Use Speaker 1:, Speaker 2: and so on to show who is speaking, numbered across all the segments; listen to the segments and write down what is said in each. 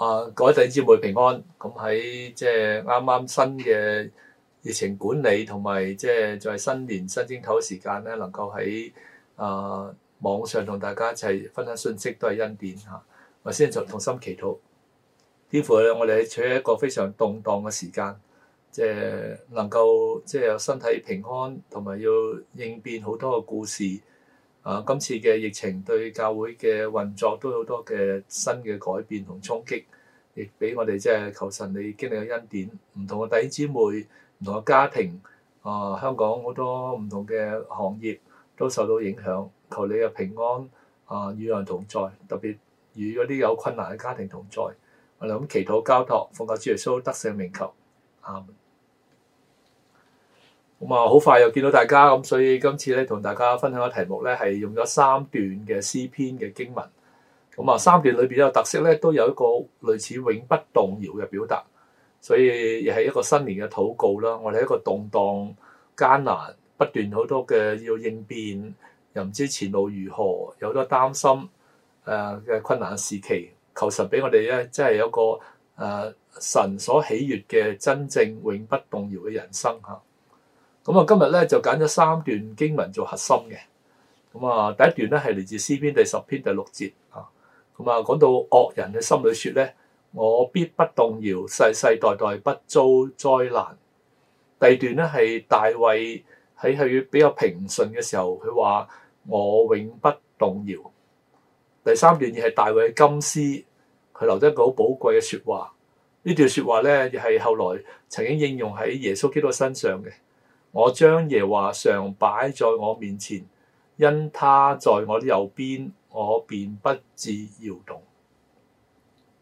Speaker 1: 啊！各位弟兄姊妹平安，咁、啊、喺即係啱啱新嘅疫情管理同埋，即係係新年新正頭時間咧，能夠喺啊網上同大家一齊分享信息，都係恩典吓。我、啊、先同同心祈禱，天父啊，我哋喺處一個非常動盪嘅時間，即係能夠即係有身體平安，同埋要應變好多嘅故事。啊、今次嘅疫情對教會嘅運作都有好多嘅新嘅改變同衝擊，亦俾我哋即係求神，你經歷恩典，唔同嘅弟兄姊妹、唔同嘅家庭，啊，香港好多唔同嘅行業都受到影響。求你嘅平安，啊，與人同在，特別與嗰啲有困難嘅家庭同在，我哋咁祈禱交託，奉教主耶穌得勝名求，啊！咁啊，好快又見到大家咁，所以今次咧同大家分享嘅題目咧係用咗三段嘅詩篇嘅經文。咁啊，三段裏邊咧特色咧都有一個類似永不動搖嘅表達。所以亦係一個新年嘅禱告啦。我哋一個動盪、艱難、不斷好多嘅要應變，又唔知前路如何，有好多擔心誒嘅困難時期。求神俾我哋咧，真係有個誒神所喜悅嘅真正永不動搖嘅人生嚇。咁啊，今日咧就揀咗三段經文做核心嘅。咁啊，第一段咧係嚟自詩篇第十篇第六節啊。咁啊，講到惡人嘅心裏說咧，我必不動搖，世世代代不遭災難。第二段咧係大衛喺佢比較平順嘅時候，佢話我永不動搖。第三段亦係大衛嘅金詩，佢留低一個好寶貴嘅說話。呢段說話咧亦係後來曾經應用喺耶穌基督身上嘅。我將耶華常擺在我面前，因他在我的右邊，我便不致搖動。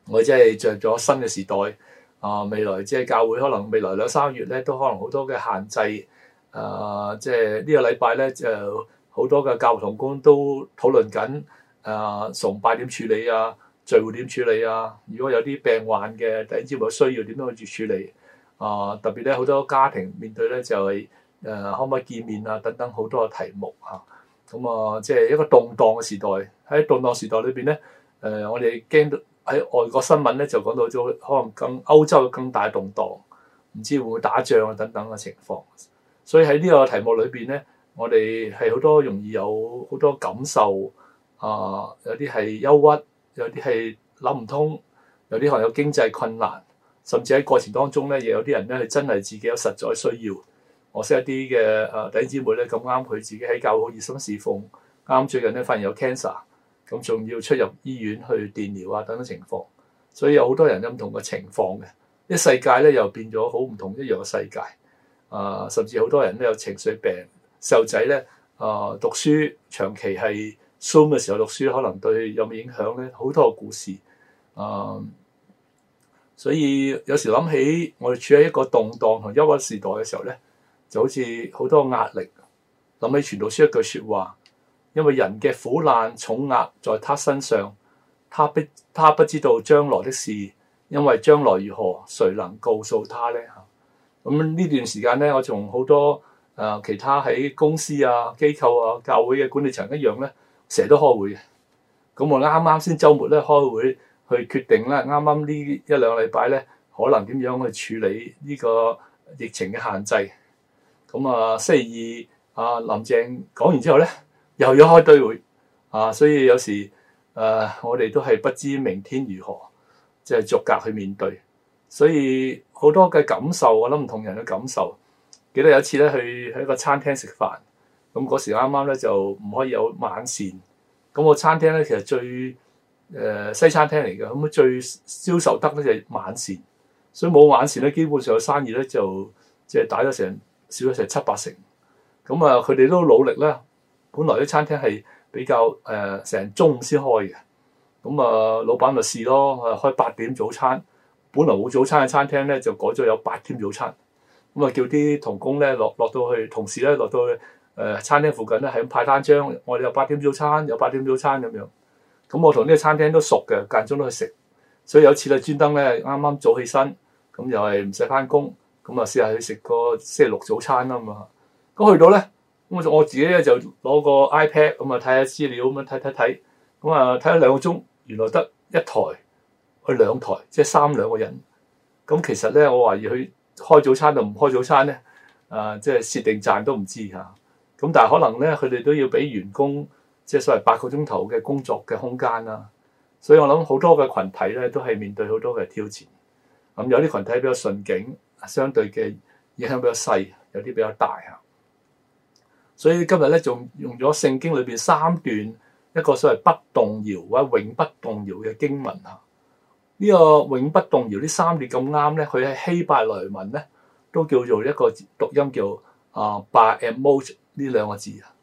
Speaker 1: 我即係着咗新嘅時代啊！未來即係教會，可能未來兩三個月咧，都可能好多嘅限制。啊，即係呢個禮拜咧，就好多嘅教會同工都討論緊啊，崇拜點處理啊，聚會點處理啊？如果有啲病患嘅，突然之冇需要點樣去處理？啊、呃，特別咧好多家庭面對咧就係誒可唔可以見面啊，等等好多嘅題目啊。咁啊，即係一個動盪嘅時代。喺動盪時代裏邊咧，誒、呃、我哋驚到喺外國新聞咧就講到咗可能更歐洲嘅更大動盪，唔知會唔會打仗啊等等嘅情況。所以喺呢個題目裏邊咧，我哋係好多容易有好多感受啊、呃，有啲係憂鬱，有啲係諗唔通，有啲可能有經濟困難。甚至喺過程當中咧，亦有啲人咧係真係自己有實在需要。我識一啲嘅誒弟姊妹咧，咁啱佢自己喺教會好熱心侍奉，啱最近咧發現有 cancer，咁仲要出入醫院去電療啊等等情況。所以有好多人有唔同嘅情況嘅，啲世界咧又變咗好唔同一樣嘅世界。啊、呃，甚至好多人都有情緒病。細路仔咧啊，讀書長期係 Zoom 嘅時候讀書，可能對有冇影響咧？好多嘅故事啊！呃呃所以有時諗起我哋處喺一個動盪同憂鬱時代嘅時候咧，就好似好多壓力。諗起傳道書一句説話，因為人嘅苦難重壓在他身上，他不他不知道將來的事，因為將來如何，誰能告訴他咧？咁呢段時間咧，我同好多誒、呃、其他喺公司啊、機構啊、教會嘅管理層一樣咧，成日都開會嘅。咁我啱啱先週末咧開會。去決定咧，啱啱呢一兩禮拜咧，可能點樣去處理呢個疫情嘅限制。咁啊，星期二啊，林鄭講完之後咧，又要開堆會啊，所以有時誒、啊，我哋都係不知明天如何，即係逐格去面對。所以好多嘅感受，我諗唔同人嘅感受。記得有一次咧，去喺個餐廳食飯，咁嗰時啱啱咧就唔可以有晚膳咁，個餐廳咧，其實最誒、呃、西餐廳嚟嘅，咁最銷售得咧就係、晚膳，所以冇晚膳咧，基本上嘅生意咧就即係打咗成少咗成七八成。咁啊，佢哋都努力啦。本來啲餐廳係比較誒成、呃、中午先開嘅，咁啊老闆咪試咯，開八點早餐。本來冇早餐嘅餐廳咧，就改咗有八點早餐。咁啊叫啲同工咧落落到去，同事咧落到去誒、呃、餐廳附近咧，係咁派單張。我哋有八點早餐，有八點早餐咁樣。咁我同呢個餐廳都熟嘅，間中都去食，所以有次咧專登咧啱啱早起身，咁又係唔使翻工，咁啊試下去食個星期六早餐啦嘛。咁去到咧，咁我我自己咧就攞個 iPad 咁啊睇下資料咁樣睇睇睇，咁啊睇咗兩個鐘，原來得一台去兩台，即係三兩個人。咁其實咧，我懷疑佢開早餐定唔開早餐咧，啊即係蝕定賺都唔知嚇。咁但係可能咧，佢哋都要俾員工，即係所謂八個鐘頭嘅工作嘅空間啦，所以我諗好多嘅群體咧都係面對好多嘅挑戰。咁有啲群體比較順境，相對嘅影響比較細；有啲比較大啊。所以今日咧仲用咗聖經裏邊三段一個所謂不動搖或者永不動搖嘅經文啊。呢、這個永不動搖呢三段咁啱咧，佢喺希伯來文咧都叫做一個讀音叫啊 bal emot 呢兩個字啊。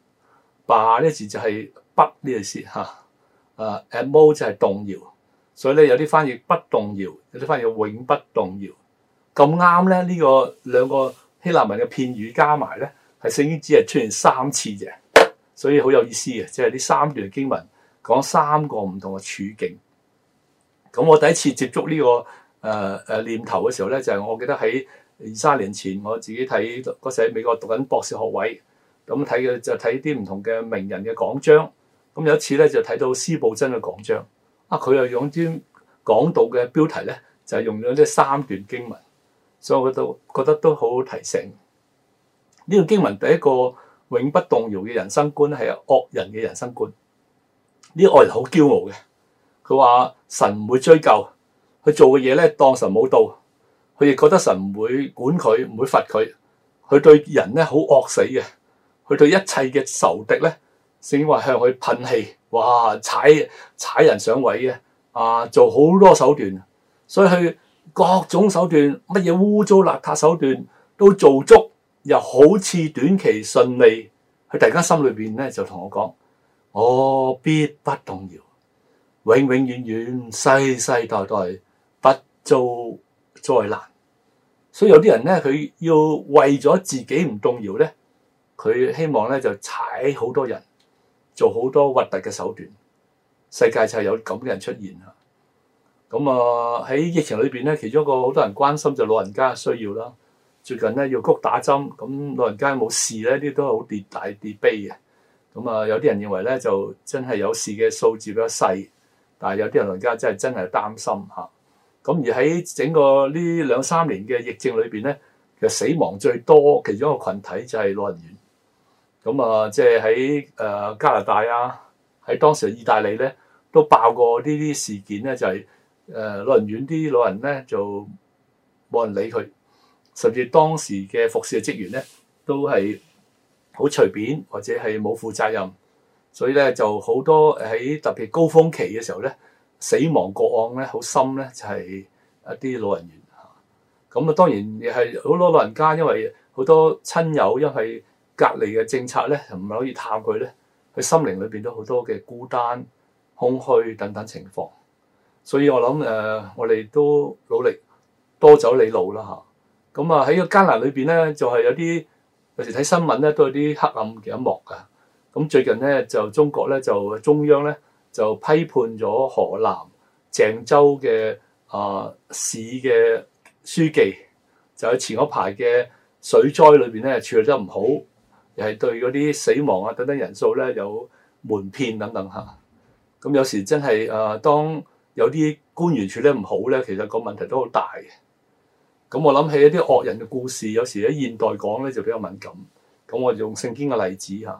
Speaker 1: 爸呢字就係不呢個字嚇，啊 m o 就係動搖，所以咧有啲翻譯不動搖，有啲翻譯永不動搖，咁啱咧呢、這個兩個希臘文嘅片語加埋咧，係聖經只係出現三次啫。所以好有意思嘅，即係呢三段經文講三個唔同嘅處境。咁我第一次接觸呢、這個誒誒、呃呃、念頭嘅時候咧，就係、是、我記得喺二三年前，我自己睇嗰時喺美國讀緊博士學位。咁睇嘅就睇啲唔同嘅名人嘅講章。咁有一次咧就睇到司布真嘅講章啊，佢又用啲講道嘅標題咧，就係用咗啲三段經文，所以我都覺，覺得都好好提醒。呢、這個經文第一個永不動搖嘅人生觀係惡人嘅人生觀。啲惡人好驕傲嘅，佢話神唔會追究佢做嘅嘢咧，當神冇道，佢亦覺得神唔會管佢，唔會罰佢。佢對人咧好惡死嘅。佢對一切嘅仇敵咧，甚至話向佢噴氣，哇踩踩人上位嘅，啊做好多手段，所以佢各種手段，乜嘢污糟邋遢手段都做足，又好似短期順利，佢突然間心裏邊咧就同我講，我必不動搖，永永遠遠世世代代不遭災難，所以有啲人咧佢要為咗自己唔動搖咧。佢希望咧就踩好多人，做好多核突嘅手段，世界就係有咁嘅人出現啦、啊。咁啊喺疫情裏邊咧，其中一個好多人關心就老人家嘅需要啦。最近咧要谷打針，咁老人家冇事咧，啲都係好跌大跌悲嘅。咁啊有啲人認為咧就真係有事嘅數字比較細，但係有啲老人，人家真係真係擔心吓。咁而喺整個呢兩三年嘅疫症裏邊咧，就死亡最多其中一個群體就係老人院。咁啊，即係喺誒加拿大啊，喺當時意大利咧都爆過呢啲事件咧，就係、是、誒老人院啲老人咧就冇人理佢，甚至當時嘅服侍嘅職員咧都係好隨便或者係冇負責任，所以咧就好多喺特別高峰期嘅時候咧死亡個案咧好深咧就係一啲老人院嚇，咁啊當然亦係好多老人家因為好多親友因為。隔離嘅政策咧，就唔係可以探佢咧。佢心靈裏邊都好多嘅孤單、空虛等等情況，所以我諗誒、呃，我哋都努力多走你路啦吓。咁啊喺個艱難裏邊咧，就係、是、有啲有時睇新聞咧，都有啲黑暗嘅一幕噶。咁、啊、最近咧就中國咧就中央咧就批判咗河南鄭州嘅啊市嘅書記，就喺、是、前嗰排嘅水災裏邊咧處理得唔好。又係對嗰啲死亡啊等等人數咧有瞞騙等等嚇，咁有時真係誒、呃，當有啲官員處理唔好咧，其實個問題都好大嘅。咁我諗起一啲惡人嘅故事，有時喺現代講咧就比較敏感。咁我用聖經嘅例子嚇，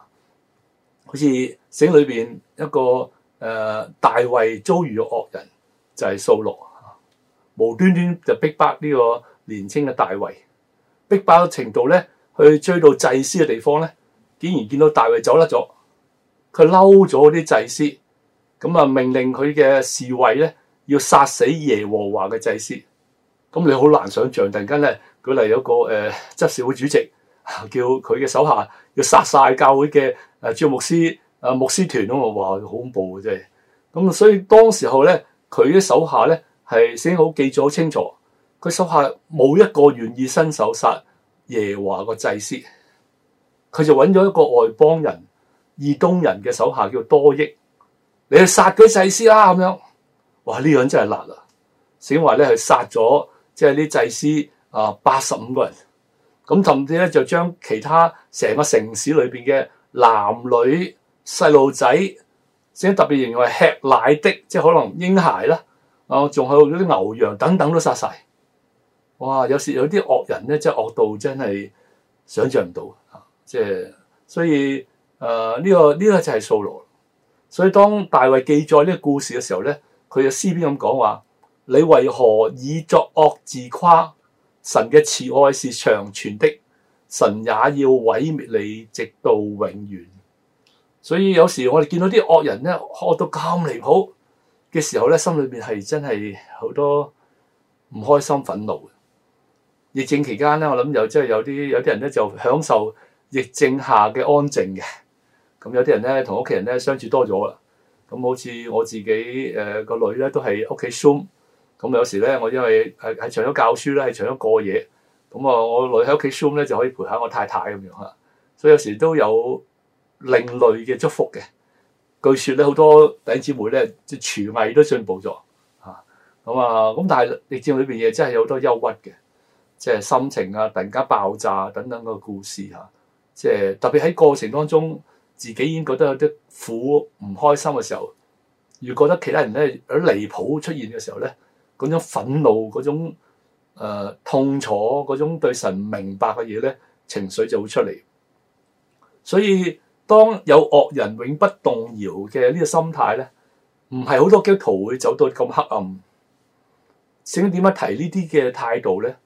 Speaker 1: 好似史裏邊一個誒、呃、大衛遭遇惡人，就係掃羅，無端端就逼迫呢個年青嘅大衛，逼迫嘅程度咧。去追到祭司嘅地方咧，竟然見到大衛走甩咗，佢嬲咗啲祭司，咁啊命令佢嘅侍衛咧要殺死耶和華嘅祭司，咁你好難想象，突然間咧舉例有個誒執、呃、事會主席，叫佢嘅手下要殺晒教會嘅誒朝牧師誒、呃、牧師團啊嘛，哇好恐怖嘅啫。咁所以當時候咧佢嘅手下咧係先好記咗清楚，佢手下冇一個願意伸手殺。耶華個祭司，佢就揾咗一個外邦人、以東人嘅手下叫多益，你去殺佢祭司啦咁樣。哇，呢個人真係辣啊！先話咧，佢殺咗即係啲祭司啊八十五個人，咁甚至咧就將其他成個城市裏邊嘅男女細路仔，先特別形容係吃奶的，即係可能嬰孩啦，啊仲有嗰啲牛羊等等都殺晒。哇！有時有啲惡人咧，真係惡到真係想像唔到啊！即係所以，誒、呃、呢個呢個就係掃羅。所以當大衛記載呢個故事嘅時候咧，佢就詩篇咁講話：你為何以作惡自誇？神嘅慈愛是長存的，神也要毀滅你，直到永遠。所以有時我哋見到啲惡人咧惡到咁離譜嘅時候咧，心裏邊係真係好多唔開心、憤怒。疫症期間咧，我諗又真係有啲、即係、有啲人咧就享受疫症下嘅安靜嘅。咁有啲人咧同屋企人咧相處多咗啦。咁好似我自己誒個、呃、女咧都係屋企 Zoom。咁有時咧我因為係喺長洲教書咧，喺長洲過夜。咁啊，我女喺屋企 Zoom 咧就可以陪下我太太咁樣嚇。所以有時都有另類嘅祝福嘅。據說咧好多弟兄姊妹咧即廚藝都進步咗嚇咁啊。咁但係疫症裏邊嘢真係有好多憂鬱嘅。即係心情啊，突然間爆炸等等個故事吓、啊，即係特別喺過程當中，自己已經覺得有啲苦唔開心嘅時候，如果覺得其他人咧有啲離譜出現嘅時候咧，嗰種憤怒、嗰種誒、呃、痛楚、嗰種對神唔明白嘅嘢咧，情緒就會出嚟。所以當有惡人永不動搖嘅呢個心態咧，唔係好多基督徒會走到咁黑暗。聖經點樣提呢啲嘅態度咧？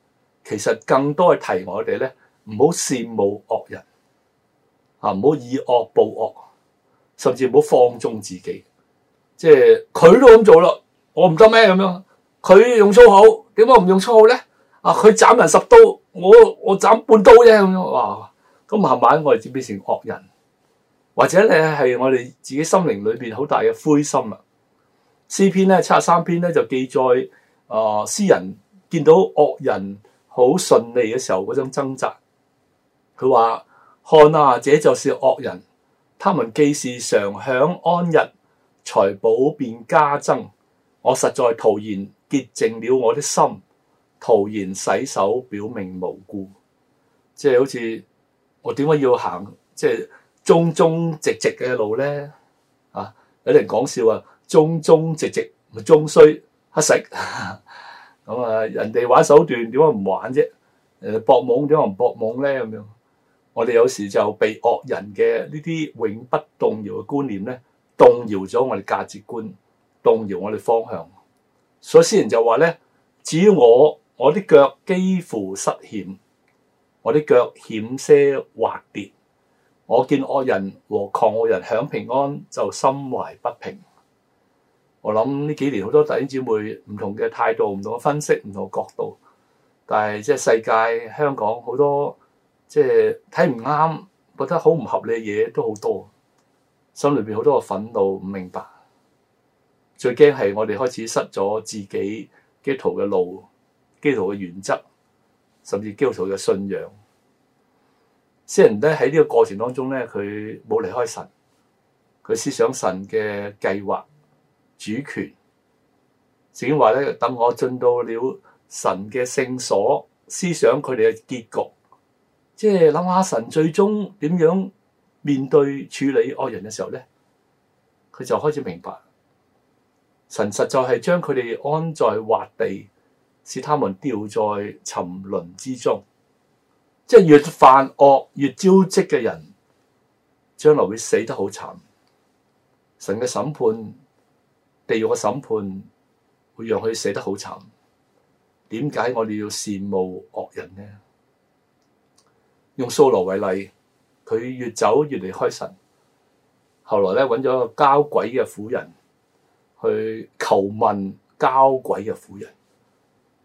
Speaker 1: 其實更多係提我哋咧，唔好羨慕惡人啊，唔好以惡報惡，甚至唔好放縱自己。即係佢都咁做啦，我唔得咩咁樣？佢用粗口，點解唔用粗口咧？啊，佢斬人十刀，我我斬半刀啫咁樣。哇！咁慢慢我哋變變成惡人，或者咧係我哋自己心靈裏邊好大嘅灰心啦。詩篇咧七十三篇咧就記載啊，呃，詩人見到惡人。好順利嘅時候嗰種掙扎，佢話：看啊，這就是惡人，他們既是常享安逸，財寶便加增。我實在徒然潔淨了我的心，徒然洗手，表明無辜。即係好似我點解要行即係忠忠直直嘅路咧？啊，有人講笑啊，忠忠直直咪終須乞食。 咁啊，人哋玩手段，點解唔玩啫？誒，搏懵點解唔搏懵咧？咁樣，我哋有時就被惡人嘅呢啲永不動搖嘅觀念咧，動搖咗我哋價值觀，動搖我哋方向。所以詩人就話咧，至於我，我啲腳幾乎失險，我啲腳險些滑跌，我見惡人和狂傲人享平安，就心懷不平。我諗呢幾年好多弟兄姊妹唔同嘅態度、唔同嘅分析、唔同嘅角度，但係即係世界、香港好多即係睇唔啱，覺得好唔合理嘅嘢都好多，心裏邊好多嘅憤怒、唔明白。最驚係我哋開始失咗自己基督徒嘅路、基督徒嘅原則，甚至基督徒嘅信仰。雖然咧喺呢個過程當中咧，佢冇離開神，佢思想神嘅計劃。主權，聖經話咧，等我進到了神嘅聖所，思想佢哋嘅結局，即係諗下神最終點樣面對處理惡人嘅時候咧，佢就開始明白，神實在係將佢哋安在滑地，使他們掉在沉淪之中，即係越犯惡越招積嘅人，將來會死得好慘，神嘅審判。地獄嘅審判會讓佢死得好慘，點解我哋要羨慕惡人呢？用掃羅為例，佢越走越離開神。後來咧，揾咗一個交鬼嘅婦人去求問，交鬼嘅婦人，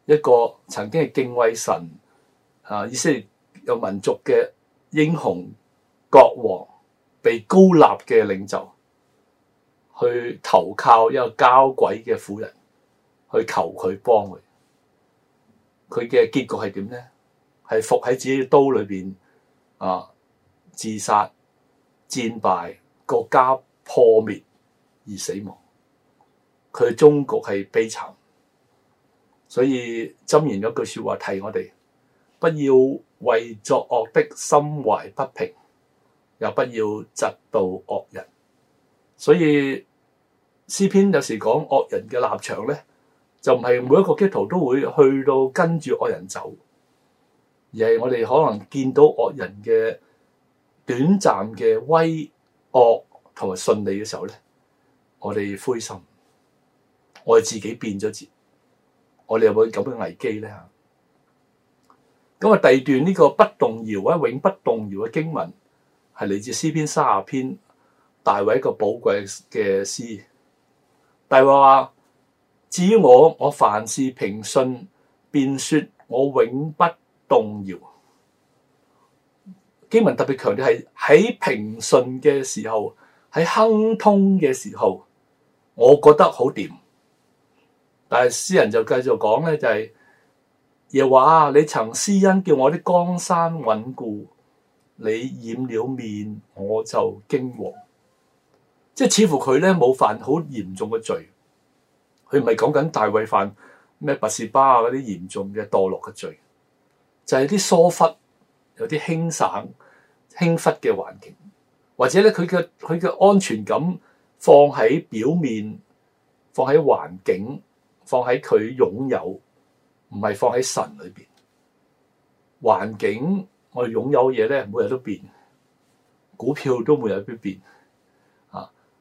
Speaker 1: 一個曾經係敬畏神啊，以色列有民族嘅英雄國王，被膏立嘅領袖。去投靠一個交鬼嘅婦人，去求佢幫佢，佢嘅結局係點咧？係伏喺自己刀裏邊啊，自殺、戰敗、國家破滅而死亡，佢終局係悲慘。所以箴言有句說話，提我哋不要為作惡的心懷不平，又不要嫉妒惡人。所以詩篇有時講惡人嘅立場咧，就唔係每一個基督徒都會去到跟住惡人走，而係我哋可能見到惡人嘅短暫嘅威惡同埋順利嘅時候咧，我哋灰心，我哋自己變咗節，我哋有冇咁嘅危機咧？咁啊，第二段呢個不動搖或者永不動搖嘅經文係嚟自詩篇三十篇。大衛一個寶貴嘅詩，大衛話：至於我，我凡事平順，便說我永不動搖。經文特別強調係喺平順嘅時候，喺亨通嘅時候，我覺得好掂。但係詩人就繼續講咧，就係又話：你曾施恩叫我啲江山穩固，你掩了面我就驚惶。即係似乎佢咧冇犯好嚴重嘅罪，佢唔係講緊大衛犯咩拔示巴啊嗰啲嚴重嘅墮落嘅罪，就係、是、啲疏忽，有啲輕省、輕忽嘅環境，或者咧佢嘅佢嘅安全感放喺表面，放喺環境，放喺佢擁有，唔係放喺神裏邊。環境我哋擁有嘢咧，每日都變，股票都每日都變。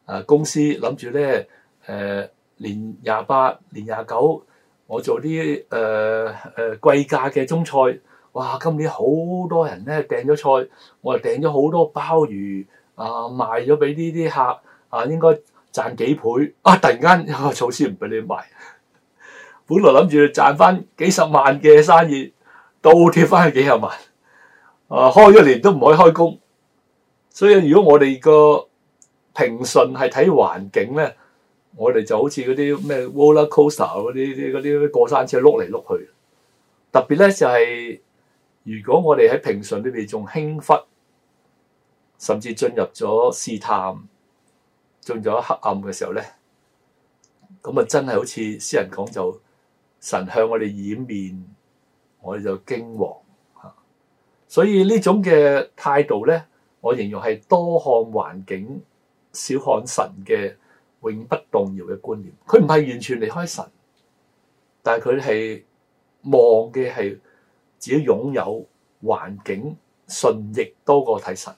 Speaker 1: 啊！公司諗住咧，誒、呃、年廿八年廿九，我做啲誒誒貴價嘅中菜，哇！今年好多人咧訂咗菜，我訂咗好多鮑魚啊，賣咗俾呢啲客啊，應該賺幾倍啊！突然間一個措施唔俾你賣，本來諗住賺翻幾十萬嘅生意，倒貼翻去幾十萬啊！開咗年都唔可以開工，所以如果我哋個，平順係睇環境咧，我哋就好似嗰啲咩 roller coaster 嗰啲啲啲過山車碌嚟碌去。特別咧就係、是、如果我哋喺平順裏邊仲輕忽，甚至進入咗試探，進入咗黑暗嘅時候咧，咁啊真係好似詩人講，就神向我哋掩面，我哋就驚惶吓。所以種態呢種嘅態度咧，我形容係多看環境。小看神嘅永不動搖嘅觀念，佢唔係完全離開神，但係佢係望嘅係自己擁有環境順逆多過睇神。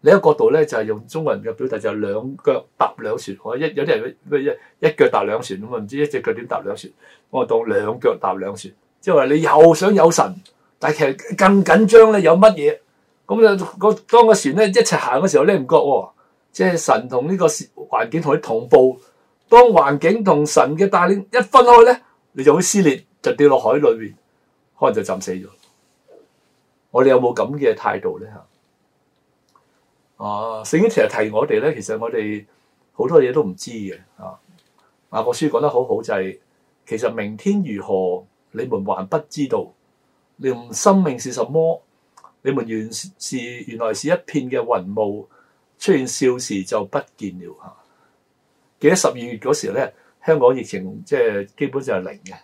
Speaker 1: 另一個角度咧就係用中國人嘅表達，就係兩腳踏兩船。我一有啲人咩一一腳踏兩船咁啊，唔知一隻腳點踏兩船。我當兩腳踏兩船，即係話你又想有神，但係其實更緊張咧有乜嘢咁就個當個船咧一齊行嘅時候咧唔覺喎。即係神同呢個環境同佢同步，當環境同神嘅帶領一分開咧，你就會撕裂，就跌落海裏面，可能就浸死咗。我哋有冇咁嘅態度咧？吓，哦，聖經其實提我哋咧，其實我哋好多嘢都唔知嘅啊。雅各書講得好好就係、是，其實明天如何，你們還不知道。你們生命是什麼？你們原是原來是一片嘅雲霧。出現少時就不見了嚇。記得十二月嗰時咧，香港疫情即係基本上係零嘅。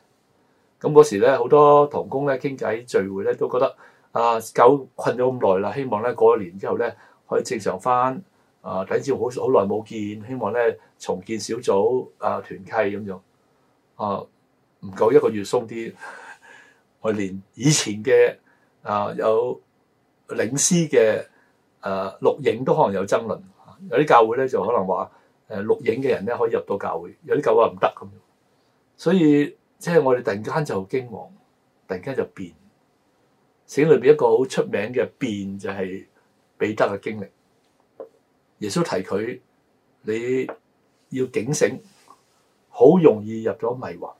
Speaker 1: 咁嗰時咧，好多同工咧傾偈聚會咧，都覺得啊，困久困咗咁耐啦，希望咧過、那個、年之後咧可以正常翻。啊，等陣好好耐冇見，希望咧重建小組啊團契咁樣。啊，唔夠一個月鬆啲，我連以前嘅啊有領師嘅。誒錄影都可能有爭論，有啲教會咧就可能話誒錄影嘅人咧可以入到教會，有啲教會話唔得咁樣。所以即係我哋突然間就驚惶，突然間就變。史裏邊一個好出名嘅變就係彼得嘅經歷。耶穌提佢，你要警醒，好容易入咗迷惑。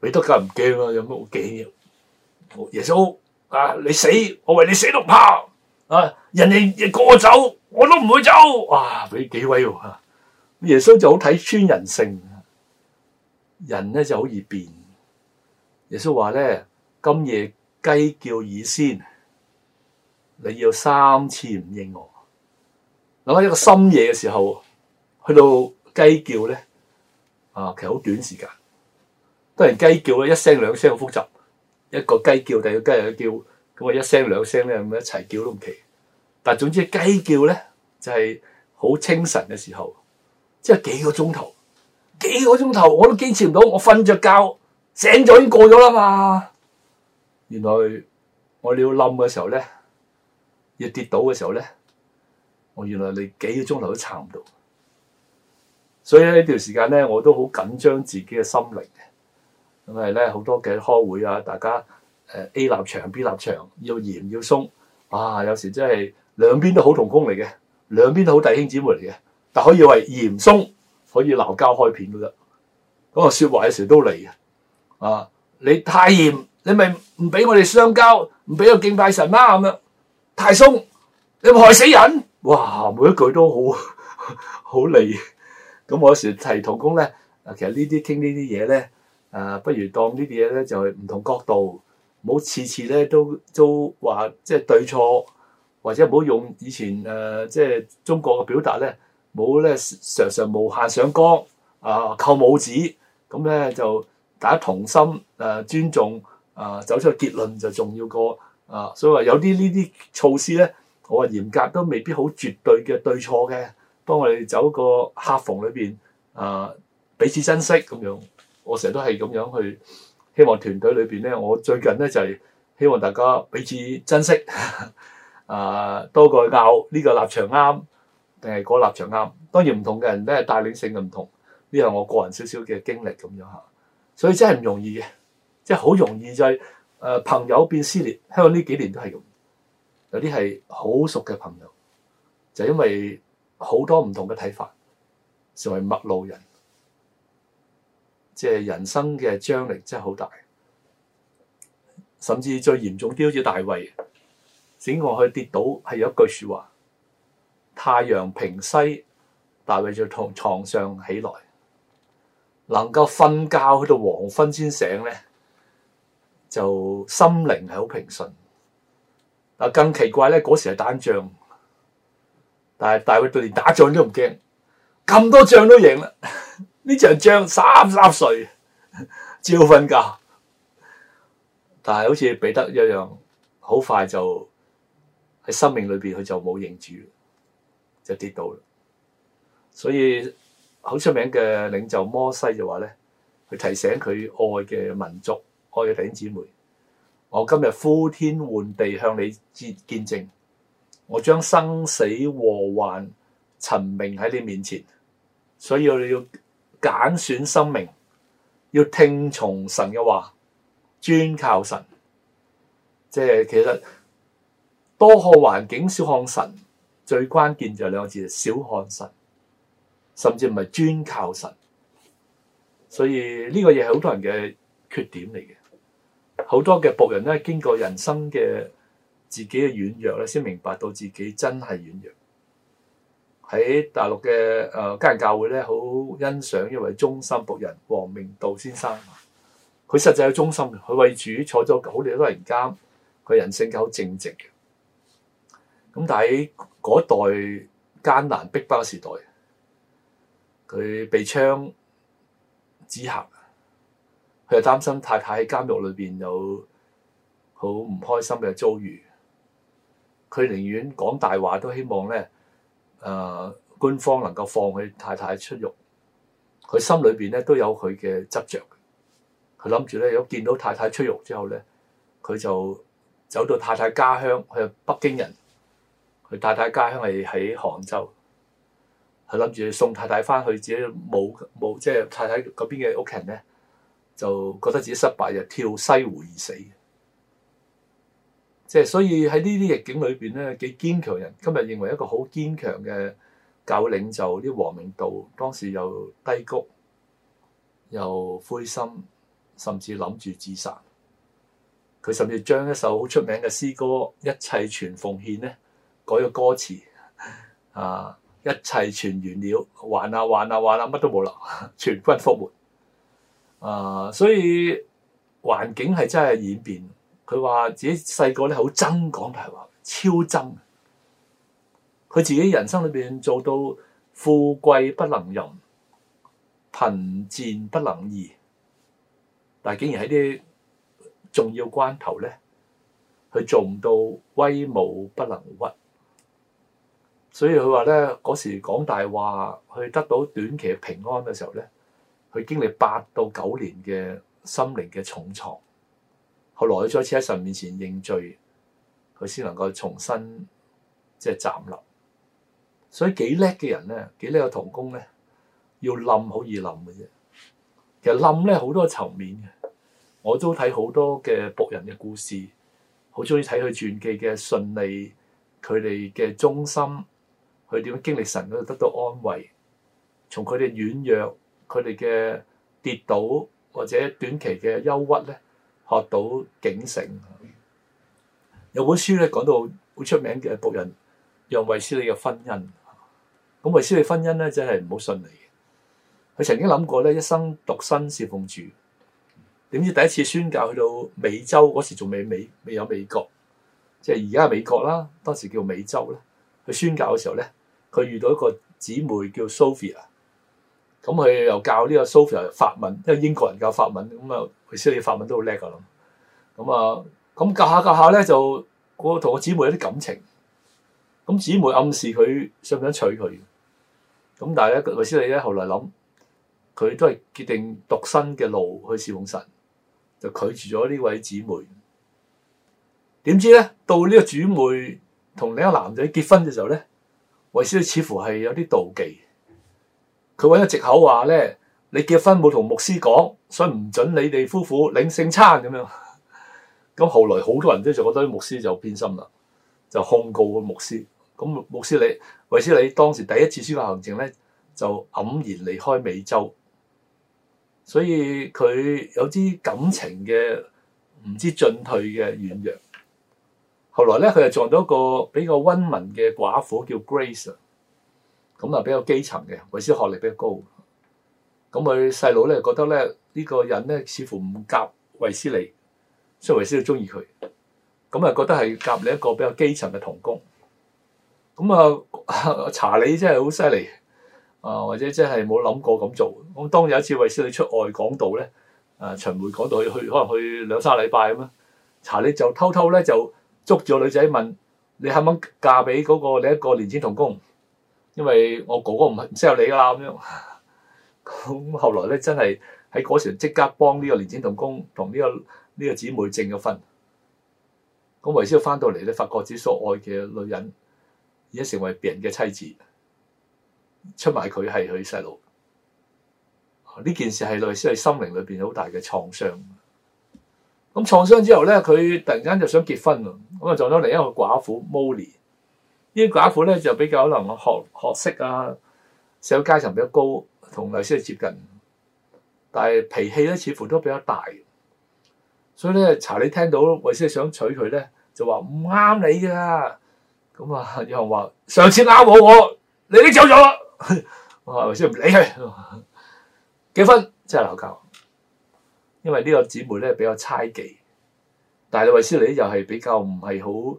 Speaker 1: 彼得梗唔驚啦，有乜好驚？耶穌啊，你死，我為你死都唔怕。啊！人哋亦過走，我都唔會走。哇、啊！俾幾威喎吓！耶穌就好睇穿人性，人咧就好易變。耶穌話咧：今夜雞叫已先，你要三次唔應我。諗下一個深夜嘅時候，去到雞叫咧，啊，其實好短時間，當然雞叫咧一聲兩聲好複雜，一個雞叫，第二個雞又叫。一咁啊，一聲兩聲咧，咁一齊叫都唔奇。但係總之雞叫咧，就係好清晨嘅時候，即係幾個鐘頭，幾個鐘頭我都堅持唔到，我瞓着覺醒咗已經過咗啦嘛。原來我哋要冧嘅時候咧，要跌倒嘅時候咧，我原來你幾個鐘頭都撐唔到。所以呢段時間咧，我都好緊張自己嘅心靈，因為咧好多嘅開會啊，大家。誒 A 立場，B 立場，要嚴要鬆，哇、啊！有時真係兩邊都好同工嚟嘅，兩邊都好弟兄姊妹嚟嘅，但可以話嚴鬆可以鬧交開片都得。嗰個説話有時都嚟啊！你太嚴，你咪唔俾我哋相交，唔俾我敬拜神啦咁啦。太鬆，你害死人哇！每一句都好好利。咁我有時提同工咧、啊，其實呢啲傾呢啲嘢咧，誒、啊，不如當呢啲嘢咧就係唔同角度。唔好次次咧都都話即係對錯，或者唔好用以前誒、呃、即係中國嘅表達咧，冇咧常常無限上綱啊、呃，扣帽子咁咧就大家同心誒、呃、尊重啊、呃，走出結論就重要過啊、呃，所以話有啲呢啲措施咧，我話嚴格都未必好絕對嘅對錯嘅，幫我哋走個客房裏邊啊，彼此珍惜咁樣，我成日都係咁樣去。希望團隊裏邊咧，我最近咧就係希望大家彼此珍惜，啊 多過教呢個立場啱定係嗰立場啱。當然唔同嘅人都係帶領性嘅唔同，呢係我個人少少嘅經歷咁樣嚇。所以真係唔容易嘅，即係好容易就係誒朋友變撕裂。香港呢幾年都係咁，有啲係好熟嘅朋友，就是，因為好多唔同嘅睇法，成為陌路人。即係人生嘅張力真係好大，甚至最嚴重好似大衞，整落去跌倒，係有一句説話：太陽平西，大衞就同床上起來，能夠瞓覺去到黃昏先醒咧，就心靈係好平順。啊，更奇怪咧，嗰時係打仗，但係大衞對連打仗都唔驚，咁多仗都贏啦。呢張張三三歲，照瞓覺，但係好似彼得一樣，好快就喺生命裏邊佢就冇認住，就跌到啦。所以好出名嘅領袖摩西就話咧，佢提醒佢愛嘅民族，愛嘅弟兄姊妹，我今日呼天喚地向你見證，我將生死禍患陳明喺你面前，所以我哋要。揀選生命，要聽從神嘅話，專靠神。即係其實多看環境少看神，最關鍵就係兩個字，少看神，甚至唔係專靠神。所以呢個嘢係好多人嘅缺點嚟嘅。好多嘅僕人咧，經過人生嘅自己嘅軟弱咧，先明白到自己真係軟弱。喺大陸嘅、呃、家人教會咧，好欣賞一位忠心僕人王明道先生。佢實際係忠心嘅，佢為主坐咗好多年監。佢人性好正直嘅。咁、嗯、但喺嗰代艱難逼迫時代，佢被槍指嚇，佢又擔心太太喺監獄裏邊有好唔開心嘅遭遇。佢寧願講大話，都希望咧。誒、呃、官方能夠放佢太太出獄，佢心裏邊咧都有佢嘅執着。佢諗住咧，如果見到太太出獄之後咧，佢就走到太太家鄉，佢係北京人，佢太太家鄉係喺杭州。佢諗住送太太翻去自己冇，母，即係太太嗰邊嘅屋企咧，就覺得自己失敗，就跳西湖而死。即係所以喺呢啲逆境裏邊咧幾堅強人，今日認為一個好堅強嘅教領袖，啲黃明道當時又低谷又灰心，甚至諗住自殺。佢甚至將一首好出名嘅詩歌《一切全奉獻》咧改咗歌詞，啊！一切全完了，還啊還啊還啊，乜、啊啊、都冇喇，全軍覆沒。啊！所以環境係真係演變。佢話自己細個咧好憎講大話，超憎。佢自己人生裏邊做到富貴不能淫，貧賤不能移。但係竟然喺啲重要關頭咧，佢做唔到威武不能屈。所以佢話咧，嗰時講大話，佢得到短期嘅平安嘅時候咧，佢經歷八到九年嘅心靈嘅重創。後來再次喺神面前認罪，佢先能夠重新即係站立。所以幾叻嘅人咧，幾叻嘅同工咧，要冧好易冧嘅啫。其實冧咧好多層面嘅，我都睇好多嘅僕人嘅故事，好中意睇佢傳記嘅順利，佢哋嘅忠心，佢點樣經歷神嗰度得到安慰，從佢哋軟弱，佢哋嘅跌倒或者短期嘅憂鬱咧。學到警醒，有本書咧講到好出名嘅僕人楊維斯利嘅婚姻，咁維斯利婚姻咧真係唔好順利嘅。佢曾經諗過咧一生獨身侍奉主，點知第一次宣教去到美洲嗰時仲未美未有美國，即係而家係美國啦，當時叫美洲咧。去宣教嘅時候咧，佢遇到一個姊妹叫 Sophia。咁佢又教呢個 Sophia 法文，因為英國人教法文，咁啊，維斯利法文都好叻噶啦。咁啊，咁教下教下咧，就我同我姊妹有啲感情，咁姊妹暗示佢想唔想娶佢。咁但係咧，維斯利咧，後來諗，佢都係決定獨身嘅路去侍奉神，就拒絕咗呢位姊妹。點知咧，到呢個姊妹同另一個男仔結婚嘅時候咧，維斯利似乎係有啲妒忌。佢揾咗藉口話咧，你結婚冇同牧師講，所以唔准你哋夫婦領聖餐咁樣。咁 後來好多人都就覺得牧師就偏心啦，就控告個牧師。咁牧師你，維斯你當時第一次司法行程咧，就黯然離開美洲。所以佢有啲感情嘅，唔知進退嘅軟弱。後來咧，佢就撞到一個比較溫文嘅寡婦叫 Grace。咁啊，比較基層嘅衛斯理學歷比較高，咁佢細佬咧覺得咧，呢個人咧似乎唔夾衛斯理，所以衛斯都中意佢，咁啊覺得係夾你一個比較基層嘅童工，咁啊查理真係好犀利啊！或者真係冇諗過咁做。咁當有一次衛斯理出外講道咧，啊、呃、巡迴講道去去可能去兩三禮拜咁啦，查理就偷偷咧就捉住個女仔問：你肯唔肯嫁俾嗰、那個你一個年青童工？因為我哥哥唔係唔適合你啦咁樣，咁後來咧真係喺嗰時即刻幫呢個年青同工同呢、這個呢、這個姊妹證咗婚。咁維少翻到嚟咧，發覺自己所愛嘅女人，已經成為別人嘅妻子，出埋佢係佢細路，呢件事係類似係心靈裏邊好大嘅創傷。咁創傷之後咧，佢突然間就想結婚，咁啊撞咗另一個寡婦 Molly。呢寡婦咧就比較可能學學識啊，社會階層比較高，同衛斯理係接近，但係脾氣咧似乎都比較大，所以咧查理聽到衛斯理想娶佢咧，就話唔啱你噶，咁啊又話上次拉我，我你都走咗， 我話衛斯理唔理佢？結婚即係鬧交，因為個呢個姊妹咧比較猜忌，但係衛斯理嚟又係比較唔係好。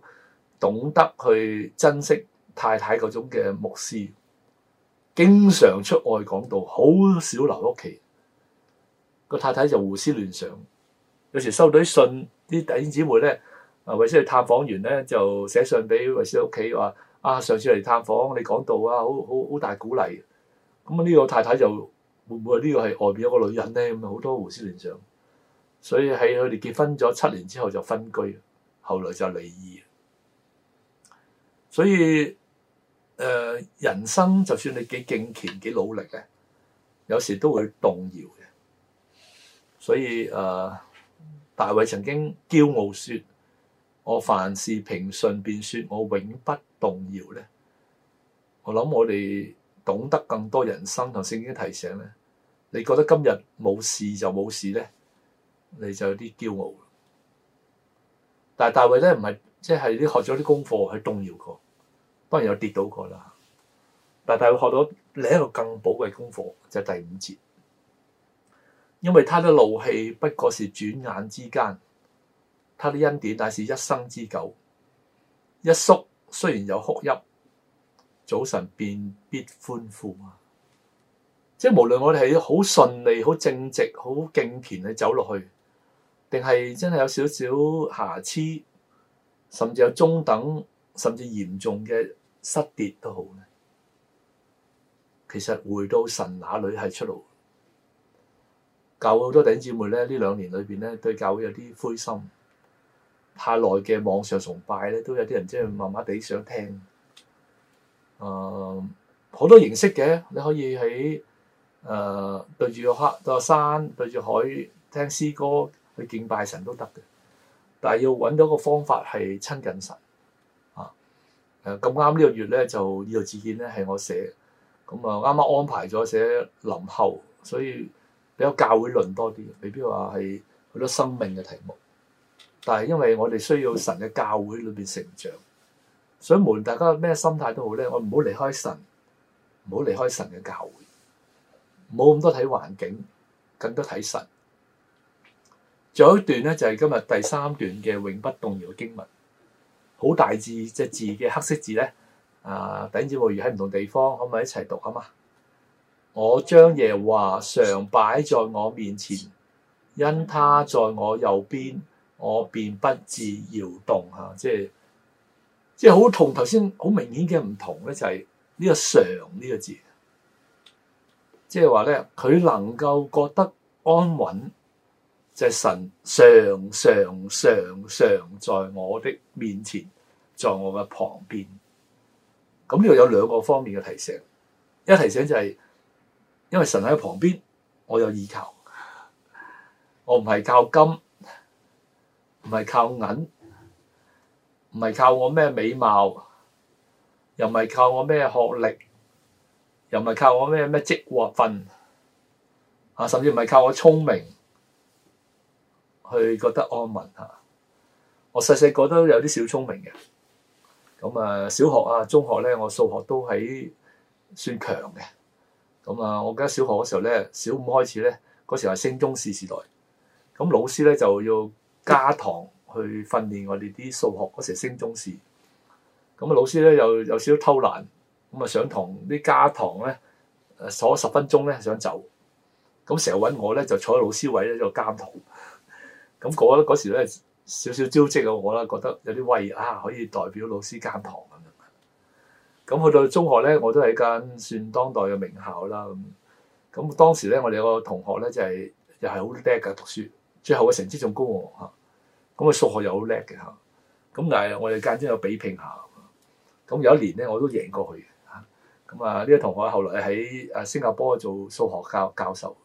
Speaker 1: 懂得去珍惜太太嗰種嘅牧師，經常出外講道，好少留屋企。個太太就胡思亂想，有時收到啲信，啲弟姊妹咧，啊為師去探訪完咧，就寫信俾為師屋企話啊，上次嚟探訪你講道啊，好好好大鼓勵，咁啊，呢個太太就會唔會呢個係外邊有個女人咧？咁好多胡思亂想，所以喺佢哋結婚咗七年之後就分居，後來就離異。所以誒、呃，人生就算你幾勁強、幾努力咧，有時都會動搖嘅。所以誒、呃，大衛曾經驕傲説：我凡事平順，便説我永不動搖咧。我諗我哋懂得更多人生同聖經提醒咧，你覺得今日冇事就冇事咧，你就有啲驕傲。但係大衛咧，唔係即係啲學咗啲功課，去動搖過。當然有跌倒過啦，但係會學到另一個更寶貴功課，就是、第五節，因為他的怒氣不過是轉眼之間，他的恩典乃是一生之久。一宿雖然有哭泣，早晨便必歡呼。即係無論我哋係好順利、好正直、好敬虔地走落去，定係真係有少少瑕疵，甚至有中等。甚至嚴重嘅失跌都好咧，其實回到神那裏係出路。教會好多弟兄姊妹咧，呢兩年裏邊咧對教會有啲灰心，太耐嘅網上崇拜咧，都有啲人即係慢慢哋想聽。誒、呃，好多形式嘅，你可以喺誒、呃、對住個黑個山，對住海聽詩歌去敬拜神都得嘅，但係要揾到一個方法係親近神。誒，咁啱呢個月咧就《以諾自傳》咧係我寫，咁啊啱啱安排咗寫林後，所以比較教會論多啲，未必話係好多生命嘅題目。但係因為我哋需要神嘅教會裏邊成長，所以無論大家咩心態都好咧，我唔好離開神，唔好離開神嘅教會，冇咁多睇環境，更多睇神。仲有一段咧就係今日第三段嘅永不動搖嘅經文。好大字，隻字嘅黑色字咧，啊，頂住無語喺唔同地方，可唔可以一齊讀啊？嘛，我將耶和華常擺在我面前，因他在我右邊，我便不至搖動嚇、啊。即係，即係好同頭先好明顯嘅唔同咧，就係、是，呢個常呢個字，即係話咧，佢能夠覺得安穩。就神常常常常在我的面前，在我嘅旁邊。咁呢度有兩個方面嘅提醒，一提醒就係、是，因為神喺旁邊，我有依靠，我唔係靠金，唔係靠銀，唔係靠我咩美貌，又唔係靠我咩學歷，又唔係靠我咩咩職積分，啊，甚至唔係靠我聰明。去覺得安穩嚇。我細細個都有啲小聰明嘅，咁啊小學啊中學咧，我數學都喺算強嘅。咁啊，我記得小學嗰時候咧，小五開始咧，嗰時係升中試時代。咁老師咧就要加堂去訓練我哋啲數學，嗰時升中試。咁啊，老師咧又有少少偷懶，咁啊想同啲加堂咧坐十分鐘咧想走，咁成日揾我咧就坐喺老師位咧做監堂。咁嗰嗰時咧，少少招積嘅我啦，覺得有啲威啊，可以代表老師監堂咁。咁去到中學咧，我都係一間算當代嘅名校啦。咁咁當時咧，我哋有個同學咧就係、是、又係好叻嘅讀書，最後嘅成績仲高吓。咁啊，數學又好叻嘅吓。咁但係我哋間中有比拼下。咁有一年咧，我都贏過佢。咁啊，呢、這個同學後來喺誒新加坡做數學教教授。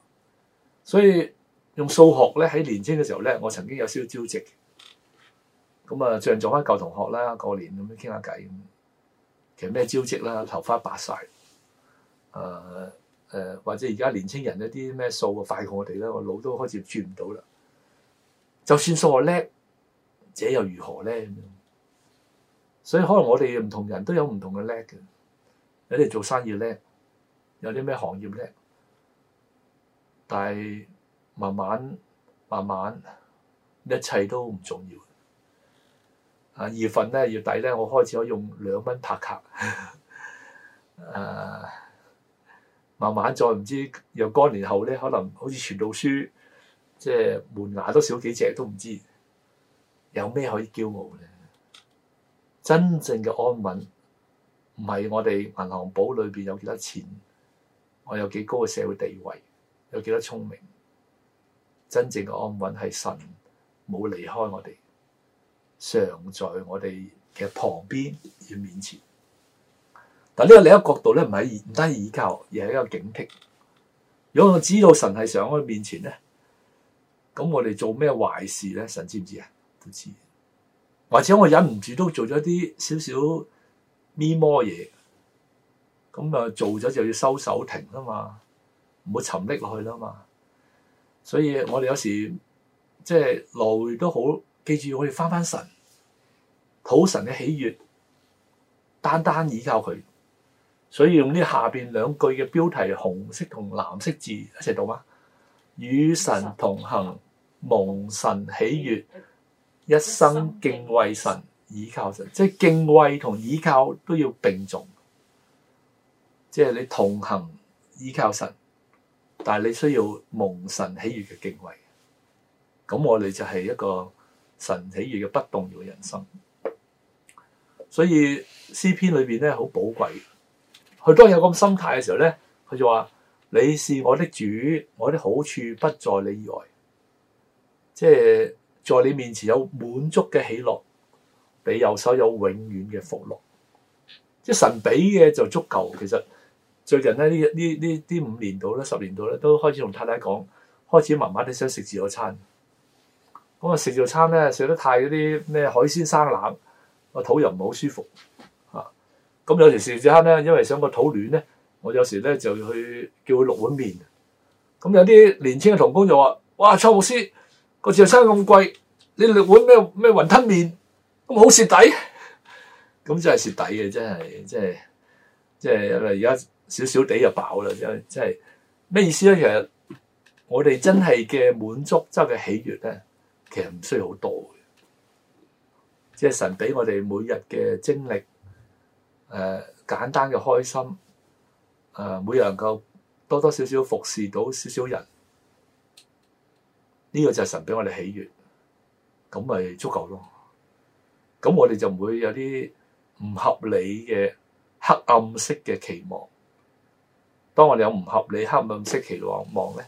Speaker 1: 所以。用數學咧，喺年青嘅時候咧，我曾經有少少招積，咁啊，像做翻舊同學啦，過年咁樣傾下偈，其實咩招積啦，頭髮白晒，誒、呃、誒、呃，或者而家年青人一啲咩數啊快過我哋啦，我腦都開始轉唔到啦。就算數學叻，者又如何咧？咁樣，所以可能我哋唔同人都有唔同嘅叻嘅，有啲做生意叻，有啲咩行業叻，但係。慢慢慢慢，一切都唔重要。啊，二月份咧，月底咧，我開始可以用兩蚊拍卡。誒、啊，慢慢再唔知若干年後咧，可能好似傳道書，即係門牙都少幾隻都，都唔知有咩可以驕傲咧。真正嘅安穩，唔係我哋銀行簿裏邊有幾多錢，我有幾高嘅社會地位，有幾多聰明。真正嘅安穩係神冇離開我哋，常在我哋嘅旁邊嘅面前。但呢個另一個角度咧，唔係唔單止依靠，而係一個警惕。如果我知道神係上我面前咧，咁我哋做咩壞事咧？神知唔知啊？都知。或者我忍唔住都做咗啲少少咪魔嘢，咁啊做咗就要收手停啊嘛，唔好沉溺落去啦嘛。所以我哋有時即係來回都好，記住我哋翻翻神，討神嘅喜悦，單單依靠佢。所以用呢下邊兩句嘅標題，紅色同藍色字一齊讀啊！與神同行，蒙神喜悦，一生敬畏神，依靠神。即係敬畏同依靠都要並重，即係你同行依靠神。但係你需要蒙神喜悦嘅敬畏，咁我哋就係一個神喜悦嘅不動搖人生。所以詩篇裏邊咧好寶貴，佢當有咁心態嘅時候咧，佢就話：你是我的主，我的好處不在你以外，即係在你面前有滿足嘅喜樂，你右手有永遠嘅福樂。即係神俾嘅就足夠，其實。最近咧呢呢呢啲五年度咧十年度咧都開始同太太講，開始慢慢地想食自助餐。咁啊食自助餐咧食得太嗰啲咩海鮮生冷，個肚又唔好舒服。吓、啊、咁有時時之餐咧，因為想個肚暖咧，我有時咧就要去叫佢六碗麵。咁有啲年青嘅同工就話：，哇，蔡牧師個自助餐咁貴，你六碗咩咩雲吞麵咁好蝕底。咁真係蝕底嘅，真係，真係，真係。而家。少少地就飽啦，真真係咩意思咧？其實我哋真係嘅滿足，即嘅喜悦咧，其實唔需要好多嘅。即係神俾我哋每日嘅精力，誒、呃、簡單嘅開心，誒、呃、每樣夠多多少少服侍到少少人，呢、這個就係神俾我哋喜悦，咁咪足夠咯。咁我哋就唔會有啲唔合理嘅黑暗式嘅期望。當我哋有唔合理黑暗色奇望咧，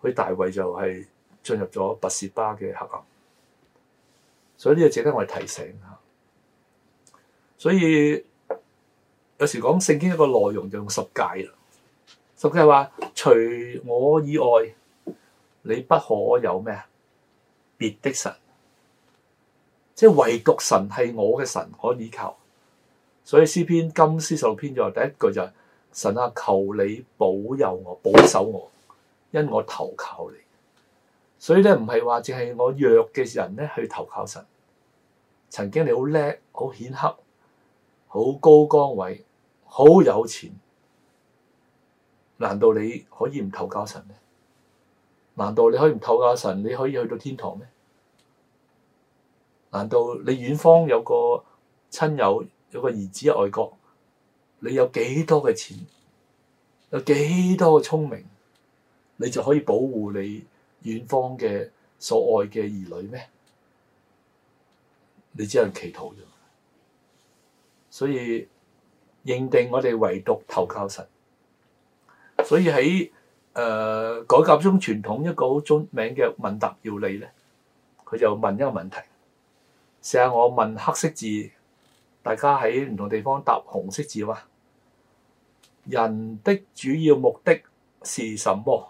Speaker 1: 佢大衛就係進入咗拔示巴嘅黑暗。所以呢個值得我哋提醒吓。所以有時講聖經一個內容就用十誡啦。十誡話除我以外，你不可有咩別的神，即係唯獨神係我嘅神可以求。」所以詩篇金詩十六篇咗第一句就是。神啊，求你保佑我，保守我，因我投靠你。所以咧，唔係話淨係我弱嘅人咧去投靠神。曾經你好叻，好顯赫，好高崗位，好有錢，難道你可以唔投靠神咩？難道你可以唔投靠神，你可以去到天堂咩？難道你遠方有個親友，有個兒子喺外國？你有幾多嘅錢，有幾多嘅聰明，你就可以保護你遠方嘅所愛嘅兒女咩？你只能祈禱。所以認定我哋唯獨投靠神。所以喺誒、呃、改革中傳統一個好著名嘅問答要理咧，佢就問一個問題：試下我問黑色字，大家喺唔同地方答紅色字啊！人的主要目的是什麼？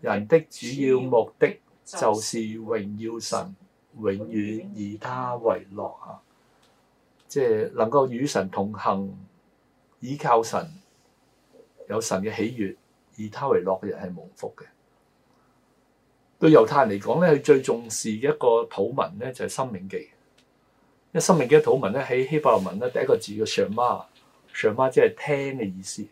Speaker 1: 人的主要目的就是榮耀神，永遠以他為樂啊！即係能夠與神同行，依靠神，有神嘅喜悅，以他為樂嘅人係蒙福嘅。對猶太人嚟講咧，佢最重視嘅一個禱文咧就係、是《申命記》，因為《申命記》嘅禱文咧喺希伯來文咧第一個字叫 Shema。上媽，即係聽嘅意思，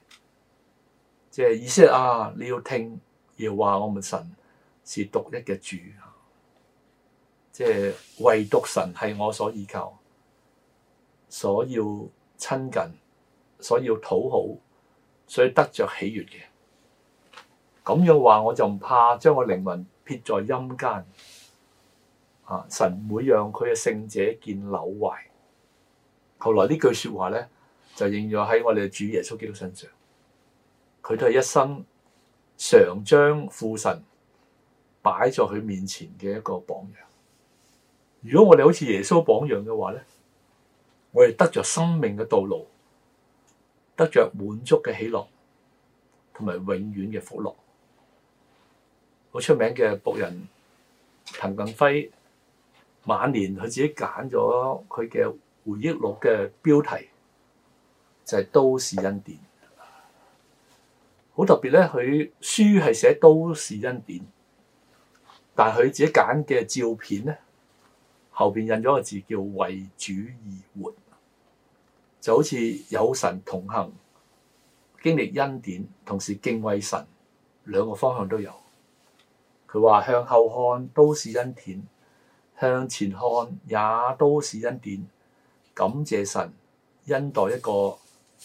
Speaker 1: 即係意思啊！你要聽，要話我們神是獨一嘅主，即係唯獨神係我所依靠，所要親近，所要討好，所以得着喜悦嘅。咁樣話我就唔怕將我靈魂撇在陰間啊！神唔會讓佢嘅聖者見朽壞。後來呢句說話咧。就應咗喺我哋主耶穌基督身上，佢都係一生常將父神擺咗佢面前嘅一個榜樣。如果我哋好似耶穌榜樣嘅話咧，我哋得着生命嘅道路，得着滿足嘅喜樂，同埋永遠嘅福樂。好出名嘅僕人滕近輝晚年，佢自己揀咗佢嘅回憶錄嘅標題。就係都是恩典，好特別咧。佢書係寫都是恩典，但係佢自己揀嘅照片咧，後邊印咗個字叫為主而活，就好似有神同行，經歷恩典，同時敬畏神，兩個方向都有。佢話向後看都是恩典，向前看也都是恩典，感謝神恩待一個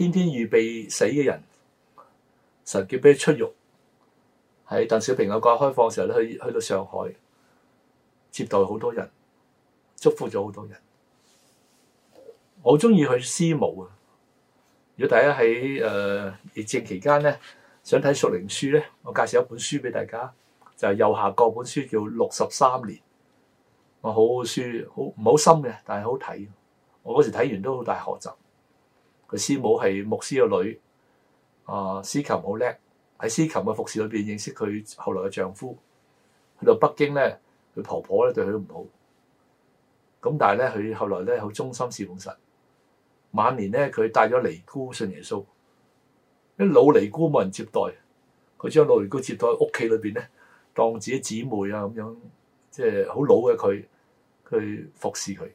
Speaker 1: 天天預備死嘅人，神叫俾佢出獄。喺鄧小平個改革開放時候咧，去去到上海接待好多人，祝福咗好多人。我好中意去思慕啊！如果大家喺誒、呃、疫症期間咧，想睇《屬靈書》咧，我介紹一本書俾大家，就係、右下角本書叫《六十三年》。我好，好書好唔好深嘅，但係好睇。我嗰時睇完都好大學習。佢師母係牧師個女，啊，司琴好叻，喺司琴嘅服侍裏邊認識佢後來嘅丈夫，去到北京咧，佢婆婆咧對佢都唔好，咁但係咧佢後來咧好忠心侍奉神，晚年咧佢帶咗尼姑信耶穌，因老尼姑冇人接待，佢將老尼姑接待喺屋企裏邊咧，當自己姊妹啊咁樣，即係好老嘅佢，佢服侍佢。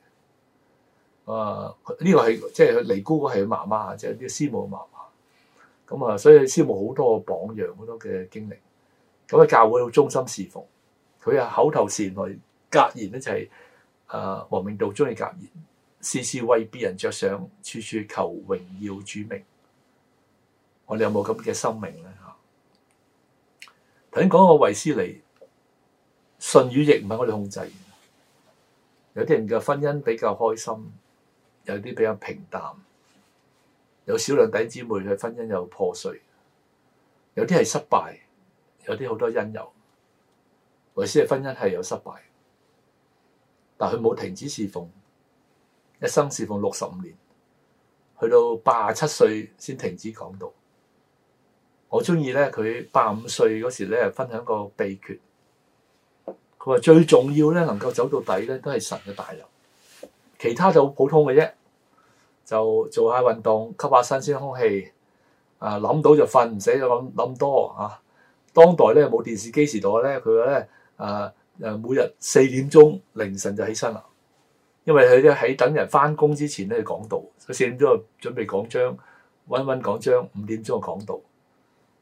Speaker 1: 啊！呢、這個係即係尼姑，係佢媽媽，即係啲師母嘅媽媽。咁、嗯、啊，所以師母好多榜樣，好多嘅經歷。咁、嗯、啊，教會好忠心侍奉，佢啊口頭禪來，格言咧就係、是，啊王明道中意格言，事事為別人着想，處處求榮耀主名。我、啊、哋有冇咁嘅生命咧？吓、啊，頭先講個維斯尼，信與義唔係我哋控制。有啲人嘅婚姻比較開心。有啲比較平淡，有少量弟兄姊妹嘅婚姻有破碎，有啲係失敗，有啲好多因由。尤其係婚姻係有失敗，但佢冇停止侍奉，一生侍奉六十五年，去到八十七歲先停止講道。我中意咧，佢八五歲嗰時咧分享個秘訣，佢話最重要咧能夠走到底咧都係神嘅大能。其他就好普通嘅啫，就做下運動，吸下新鮮空氣，啊諗到就瞓，唔死，就諗諗多啊。當代咧冇電視機時代咧，佢話咧誒誒每日四點鐘凌晨就起身啦，因為佢咧喺等人翻工之前咧去講道，所以四點鐘就準備講章，溫溫講章，五點鐘就講到。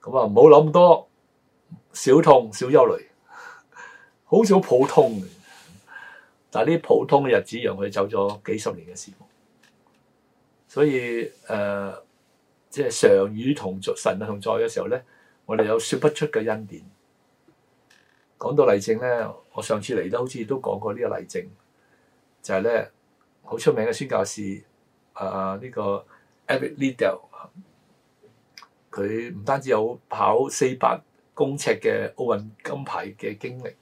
Speaker 1: 咁啊，唔好諗咁多，少痛少憂慮，好似好普通。嗱，呢啲普通嘅日子，讓佢走咗幾十年嘅時光。所以，誒、呃，即係常與同族神同在嘅時候咧，我哋有說不出嘅恩典。講到例證咧，我上次嚟都好似都講過呢個例證，就係咧好出名嘅宣教士啊，呢、呃這個 Eric Liddell，佢唔單止有跑四百公尺嘅奧運金牌嘅經歷。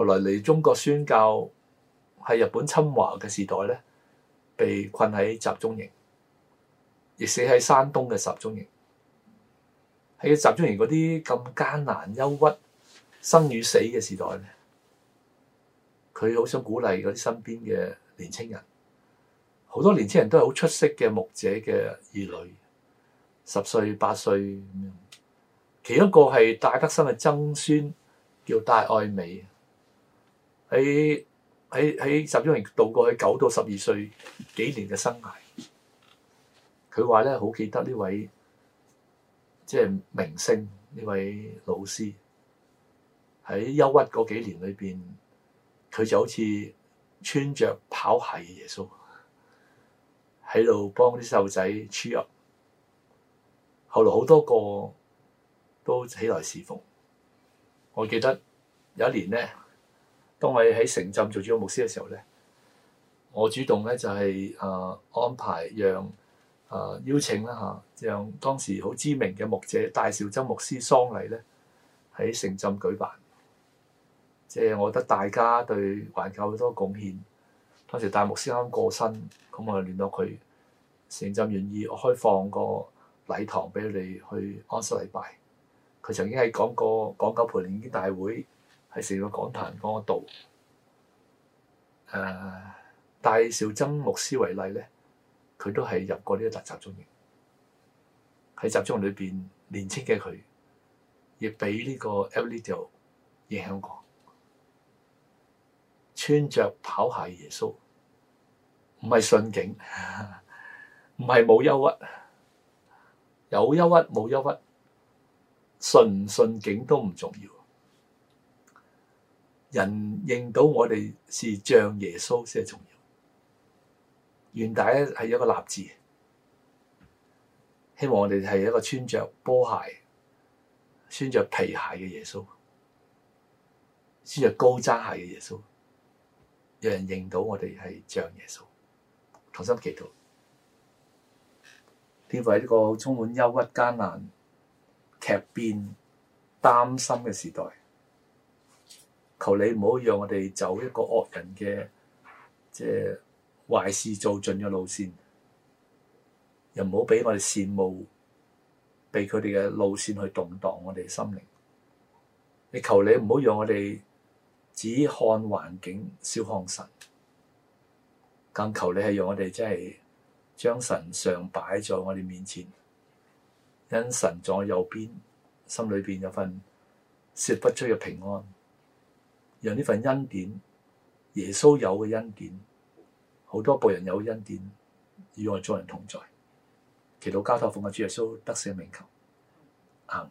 Speaker 1: 後來嚟中國宣教，喺日本侵華嘅時代咧，被困喺集中營，亦死喺山東嘅集中營。喺集中營嗰啲咁艱難、憂鬱、生與死嘅時代咧，佢好想鼓勵嗰啲身邊嘅年青人。好多年青人都係好出色嘅牧者嘅兒女，十歲、八歲咁樣。其中一個係戴德生嘅曾孫，叫戴愛美。喺喺喺十周年度過，喺九到十二歲幾年嘅生涯。佢話咧，好記得呢位即係明星呢位老師喺憂鬱嗰幾年裏邊，佢就好似穿着跑鞋嘅耶穌喺度幫啲細路仔 cheer up。後嚟好多個都起來侍奉。我記得有一年咧。當我喺城浸做主任牧師嘅時候咧，我主動咧就係誒安排讓誒、啊、邀請啦嚇，讓當時好知名嘅牧者戴紹曾牧師喪禮咧喺城浸舉辦，即係我覺得大家對環教好多貢獻。當時戴牧師啱啱過身，咁我就聯絡佢，城浸願意開放個禮堂俾你去安息禮拜。佢曾經喺講過港九培靈研經大會。喺成個講壇講個道，誒、啊、戴紹曾牧師為例咧，佢都係入過呢個集中集中營，喺集中營裏邊年青嘅佢，亦俾呢個 Eric Liddell 影響過，穿着跑鞋耶穌，唔係順境，唔係冇憂鬱，有憂鬱冇憂鬱，順唔順境都唔重要。人認到我哋是像耶穌先係重要。願大家係一個立志，希望我哋係一個穿着波鞋、穿着皮鞋嘅耶穌，穿着高踭鞋嘅耶穌，有人認到我哋係像耶穌。同心祈禱，天父喺呢個充滿憂鬱、艱難、劇變、擔心嘅時代。求你唔好讓我哋走一個惡人嘅，即係壞事做盡嘅路線，又唔好俾我哋羨慕，被佢哋嘅路線去動盪我哋嘅心靈。你求你唔好讓我哋只看環境，小看神。更求你係讓我哋真係將神常擺在我哋面前，因神在我右邊，心裏邊有份說不出嘅平安。讓呢份恩典，耶穌有嘅恩典，好多僕人有嘅恩典，與我衆人同在。祈禱交託奉我主耶穌得勝名求，行。